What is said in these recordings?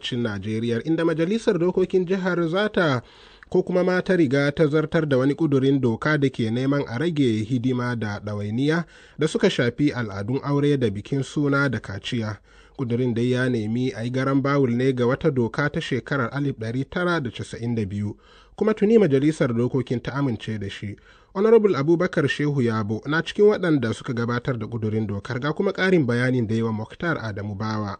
arewacin najeriya inda majalisar dokokin jihar zata ko kuma ma ta riga ta zartar da wani kudurin doka da ke neman a rage hidima da ɗawainiya da suka shafi al'adun aure da bikin suna da kaciya kudurin dai ya nemi a yi garan bawul ne ga wata doka ta shekarar 1992 kuma tuni majalisar dokokin ta amince da shi honorable abubakar shehu yabo na cikin waɗanda suka gabatar da kudurin dokar ga kuma ƙarin bayanin da yawa muktar adamu bawa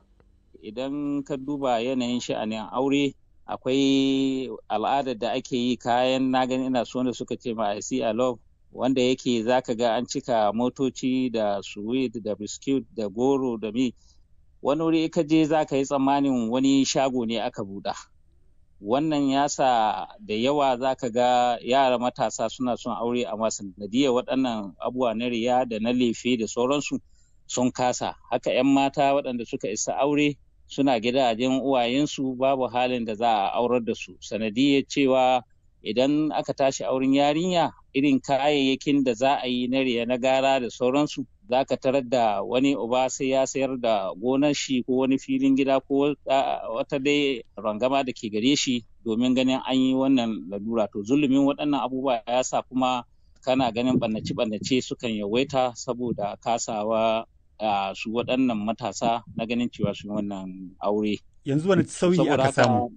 idan ka duba yanayin sha'anin aure akwai al'adar da ake yi kayan na gani ina so da suka ce ma i see a love wanda yake za ka ga an cika motoci da sweet da biscuit da goro da mi wani wuri ka je za ka yi tsammanin wani shago ne aka buɗa wannan ya sa da yawa za ka ga yara matasa suna son aure amma sanadiyar waɗannan abubuwa na riya da na lefe da sauransu sun kasa haka 'yan mata waɗanda suka isa aure suna gidajen uwayensu babu halin da za a aurar da su sanadiyar cewa idan aka tashi auren yarinya irin kayayyakin da za a yi na riya na gara da sauransu za ka tarar da wani uba sai ya sayar da gonar shi ko wani filin gida ko wata dai rangama da ke gare shi domin ganin an yi wannan lalura to zulumin waɗannan abubuwa ya sa kuma kana ganin ɓannace-ɓannace sukan yawaita saboda kasawa su waɗannan matasa na ganin cewa su wannan aure. Yanzu wani sauyi aka samu?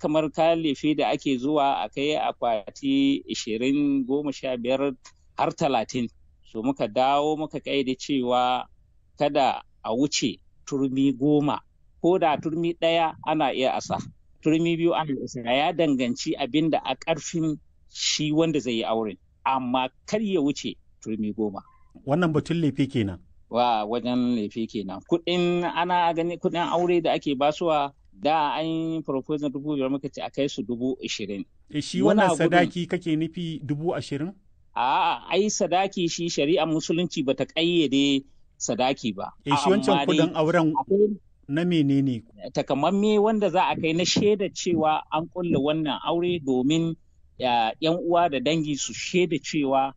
kamar ka lefe da ake zuwa a kai akwati ishirin goma sha biyar har talatin so muka dawo muka kaida cewa kada a wuce turmi goma ko da turmi ɗaya ana iya asa turmi biyu ana asa. ya danganci abin da a ƙarfin shi wanda zai yi auren amma kar ya wuce turmi goma wannan batun lefe kenan wa wajen lefe kenan kuɗin ana gani kuɗin aure da ake basuwa da an yi proposal dubu biyar muka ce a kai su dubu ashirin. E shi wannan sadaki kake nufi dubu ashirin? A'a, ai sadaki shi shari'a musulunci bata ƙayyade sadaki ba. E shi wancan kuɗin auren na menene? Takamamme wanda za a kai na shaida cewa an ƙulla wannan aure domin yan uwa da dangi su shaida cewa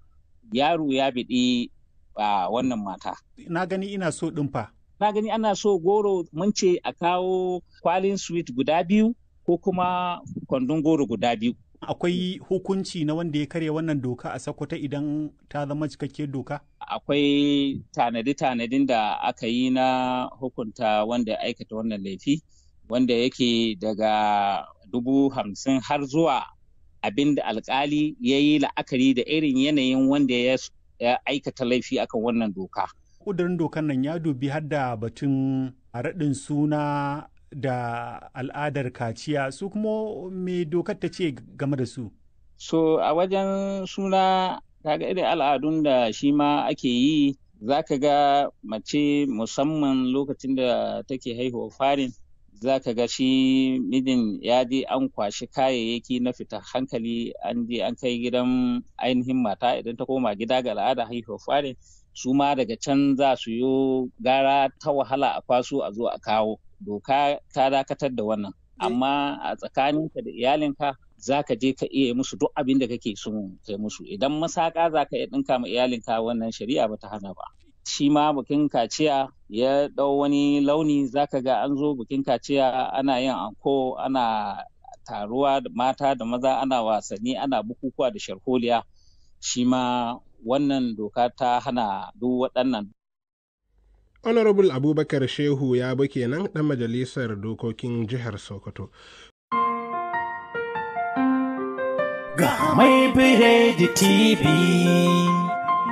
yaro ya biɗi a wannan mata. Na gani ina so ɗin Na gani ana so goro mun ce a kawo kwalin sweet guda biyu ko kuma kwandon goro guda biyu. Akwai hukunci na wanda ya karya wannan doka a Sokoto idan ta zama cikakke doka? Akwai tanadi-tanadin da aka yi na hukunta wanda aikata wannan laifi wanda yake daga dubu hamsin har zuwa abin da alkali ya yi la'akari da irin yanayin wanda ya Ya aikata laifi akan wannan doka. Kudurin dokan nan ya dubi har da batun raɗin suna da al'adar kaciya su kuma mai dokar ta ce game da su. So a wajen suna kaga irin al'adun da shi ma ake yi za ka ga mace musamman lokacin da take haihuwa farin za ka ga shi mijin ya je an kwashi kayayyaki na fita hankali an je an kai gidan ainihin mata idan ta koma gida ga al'ada haihuwa fare su ma daga can za su yi gara ta wahala a kwaso a zo a kawo doka ta dakatar da wannan amma a tsakaninka da iyalinka za ka je ka iya musu duk abin da kake so kai musu idan masaka za ka iya ɗinka ma iyalinka wannan shari'a ba ta hana ba shi ma bikin kaciya ya ɗau wani launi zaka ga an zo bikin kaciya ana yin anko ana taruwa da mata da maza ana wasanni ana bukukuwa da sharholiya shi ma wannan doka ta hana duk waɗannan. honorable abubakar shehu ya bi kenan ɗan majalisar dokokin jihar sokoto ga mai biredi tv